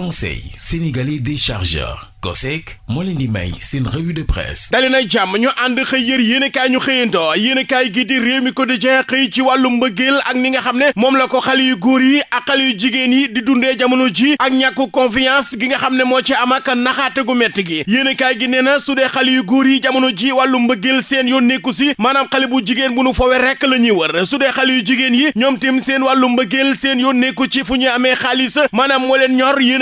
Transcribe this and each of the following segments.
conseil sénégalais des chargeurs COSEC moo leen di may seen revue de presse dali na jàmm ñu ànd xëy yër yéenekaay ñu xëyandoo yéenekaay gi di réew mi quotidien xëy ci wàllu mbëggeel ak ni nga xam ne moom la ko xale yu góor yi ak xale yu jigéen yi di dundee jamono ji ak ñàkku confiance gi nga xam ne moo ci am kan naxaate gu metti gi yéenekaay gi nee na su dee xale yu góor yi jamono ji wàllu mbëggeel seen yoon nekku si maanaam xale bu jigéen bu nu fowe rekk la ñuy wër su dee xale yu jigéen yi ñoom tim seen wàllu mbëggeel seen yoon nekku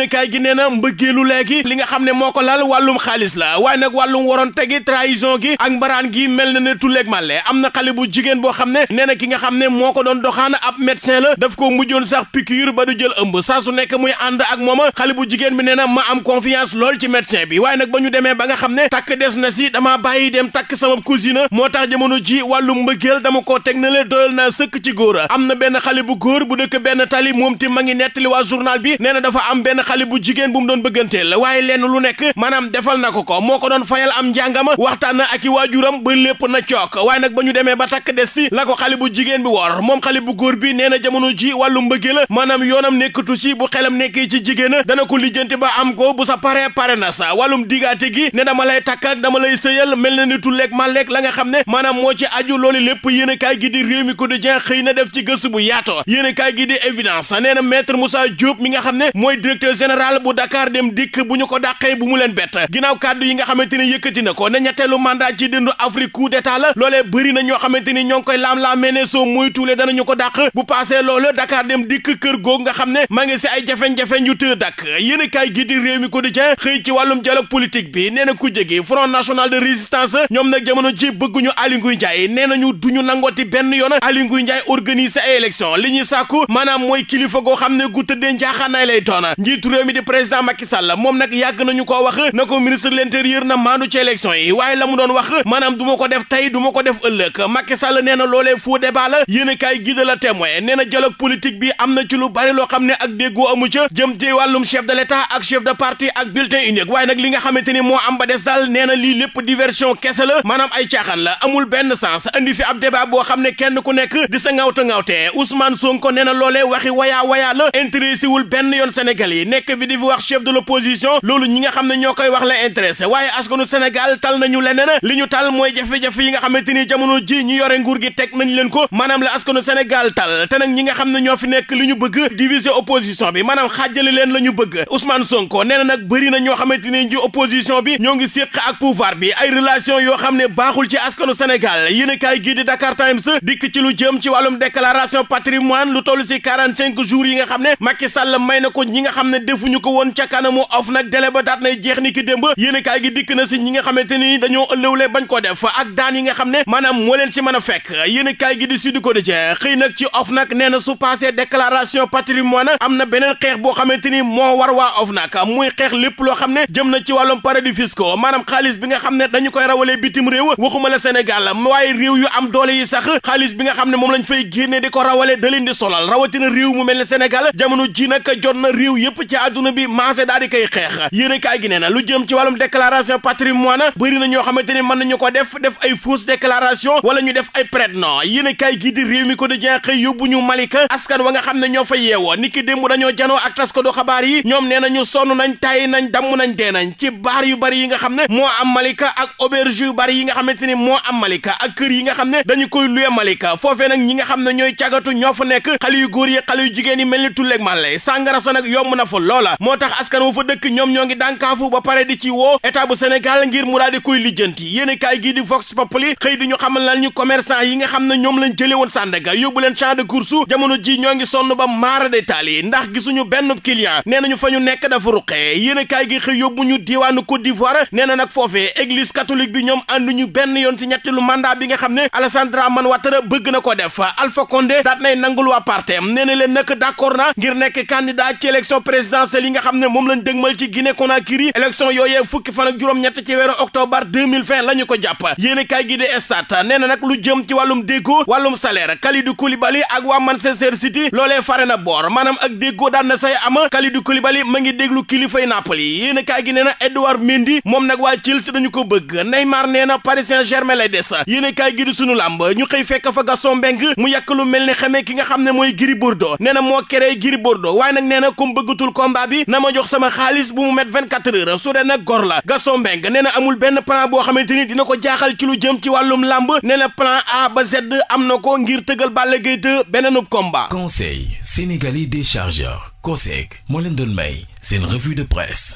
yéenekaay gi nee na mbëggeelu léegi li nga xam ne moo ko laal wàllum xaalis la waaye nag wàllum waroon tegi trahison gi ak mbaraan gi mel na ne tulleeg màlle am na xale bu jigéen boo xam ne nee na ki nga xam ne moo ko doon doxaan ab médecin la daf ko mujjoon sax piqûre ba du jël ëmb saa su nekk muy ànd ak mooma xale bu jigéen bi nee na ma am confiance lool ci médecin bi waaye nag ba ñu demee ba nga xam ne takk des na si dama bàyyi dem takk sama cousine moo tax jamono ji wàllum mbëggeel dama koo teg na le doyal naa sëkk ci góor am na benn xale bu góor bu dëkk benn tali moom ti ma ngi nettali waa bi nee na dafa am benn xale xale bu jigéen bu mu doon bëgganteel waaye lenn lu nekk maanaam defal na ko ko moo ko doon fayal am njàngama waxtaan ak i waajuram lépp na cook waaye nag ba ñu demee ba takk des si la ko xale bu jigéen bi wor moom xale bu góor bi nee na jamono ji wàllu mbëgge la maanaam yoonam nekkatu si bu xelam nekkee ci jigéen dana ko lijjanti ba am ko bu sa pare pare na sa wàllum digaate gi ne dama lay takk ak dama lay sëyal mel na ni ma màlleeg la nga xam ne maanaam moo ci aju loole lépp yéen kaa kaay gi di ko mi quotidien xëy na def ci gëstu bu yaato yéen a kaay gi di évidence nee na maître Moussa Diop mi nga xam ne mooy directeur général bu Dakar dem dikk bu ñu ko dàqee bu mu leen bett ginnaaw kàddu yi nga xamante ni yëkkati na ko ne ñetteelu mandat ci dëndu Afrique coup d'état la loolee bëri na ñoo xamante ni ñoo ngi koy laam-laamee ne soo muy tuulee danañu ko dàq bu passé loolu Dakar dem dikk kër googu nga xam ne maa ngi si ay jafe-jafe yu të dakk yéen i kaay gi di réew mi quotidien xëy ci wàllum dialogue politique bi nee na ku jege Front national de résistance ñoom nag jamono ji bëgguñu Aly Ngouille nee nañu duñu nangooti benn yoon Aly Ngouille Ndiaye organiser li ñuy sàkku maanaam mooy kilifa goo xam ne gu tëddee njaaxaanaay lay doon njiitu njiitu réew di président Macky Sall moom nag yàgg nañu ko wax na ko ministre de l'intérieur na maandu ci élection yi waaye la mu doon wax maanaam du ko def tey du ma ko def ëllëg Macky Sall nee na loolee faux débat la yéen a kaay gi de la témoin nee na politique bi am na ci lu bari loo xam ne ak déggoo amu ca jëm ci wàllum chef de l'État ak chef de parti ak bulletin unique waaye nag li nga xamante ni moo am ba des daal nee na lii lépp diversion kese la maanaam ay caaxaan la amul benn sens andi fi ab débat boo xam ne kenn ku nekk di sa ngawte ngawte Ousmane Sonko nee na loolee waxi wayaa wayaa la intéressé wul benn yoon Sénégal yi nekk fi di fi wax chef de l'opposition loolu ñi nga xam ne ñoo koy wax la intéressé waaye askanu Sénégal tal nañu leneen li ñu tal mooy jafe-jafe yi nga xamante ni jamono ji ñu yore nguur gi teg nañ leen ko maanaam la askanu Sénégal tal te ñi nga xam ne ñoo fi nekk li ñu bëgg diviser opposition bi maanaam xaajale leen la ñu bëgg Ousmane Sonko nee na nag bëri na ñoo xamante ni ji opposition bi ñoo ngi séq ak pouvoir bi ay relation yoo xam ne baaxul ci askanu Sénégal yéen a kaay gii di Dakar Times dikk ci lu jëm ci wàllum déclaration patrimoine lu toll ci quarante cinq jours yi nga xam ne Macky Sall may na ko ñi nga xam ne defuñu ko woon ca kanamu OFNAC délai ba daat nay jeex ni ki démb yéenekaay gi dikk na si ñi nga xamante ni dañoo ëllëwle bañ koo def ak daan yi nga xam ne maanaam moo leen si mën a fekk yéenekaay gi di Sud Quotidien xëy nag ci OFNAC nee na su passé déclaration patrimoine am na beneen xeex boo xamante ni moo war waa OFNAC muy xeex lépp loo xam ne jëm na ci wàllum paradis ko maanaam xaalis bi nga xam ne dañu koy rawalee bitim réew waxuma la Sénégal waaye réew yu am doole yi sax xaalis bi nga xam ne moom lañ fay génne di ko rawalee da leen di solal rawatina réew mu mel ne Sénégal jamono ji nag jot na réew yëpp àdduna bi maase daal di koy xeex yéen kaay gi nee na lu jëm ci wàllum déclaration patrimoine bëri na ñoo xamante ni mën nañu ko def def ay fausse déclaration wala ñu def ay prête-nom yéen kaay gii di réew mi ko di jeexee yóbbu ñu Malika askan wa nga xam ne ñoo fa yeewoo niki démb dañoo janoo ak tas ko do xabaar yi ñoom nee nañu sonn nañ tay nañ damm nañ dee nañ ci baar yu bari yi nga xam ne moo am Malika ak auberge yu bari yi nga xamante ni moo am Malika ak kër yi nga xam ne dañu koy luye Malika foofee ñi nga xam ne ñooy cagatu ñoo fa nekk xale yu góor yi xale yu jigéen yi mel ni tulleeg màlle sàngara sa nag yomb na fa loola moo tax askan wu fa dëkk ñoom ñoo ngi dànkaafu ba pare di ci woo état bu Sénégal ngir mu daal di koy lijjanti yéen kaay gii di Vox Populi xëy di ñu xamal lan ñu commerçant yi nga xam ne ñoom lañ jëlee woon Sandaga yóbbu leen champ de course ji ñoo ngi sonn ba maara de taal yi ndax gisuñu benn client nee nañu fa ñu nekk dafa ruqee yéen kaay gi xëy yóbbu ñu diwaanu Côte d'Ivoire nee na nag foofe église catholique bi ñoom ànduñu benn yoon ci ñetteelu mandat bi nga xam ne Alassane Dramane Ouattara bëgg na ko def Alpha Condé daat nay nangul waa partem nee na leen nag d'accord na ngir nekk candidat ci élection présidentielle présidentielle yi nga xam ne moom nag lu jëm ci wàllum déggoo wàllum salaire Kalidou Koulibaly ak waa Manchester City loolee fare na boor maanaam ak déggoo daan ama Kalidou Koulibaly ma ngi déglu kilifay Napoli yéen kaay gi nee na moom nag waa Chelsea dañu ko bëgg Neymar nee na Paris des yéen kaay gi sunu làmb ñu xëy fekk fa Gaston Mbengue mu yàkk lu mel ni xamee ki nga xam ne mooy Gris Bordeaux nee na moo créé Gris Bordeaux waaye nag nee na comme bëggatul ko combat bi na ma jox sama xaalis bu mu met 24 heures su dee nag gorla la Gaston Mbengue nee amul benn plan boo xamante ni dina ko jaaxal ci lu jëm ci wàllum lamb nee na plan A ba Z am na ko ngir tëgal Balla Gaye 2 beneenub combat. Conseil sénégalais des chargeurs COSEC moo leen doon may seen revue de presse.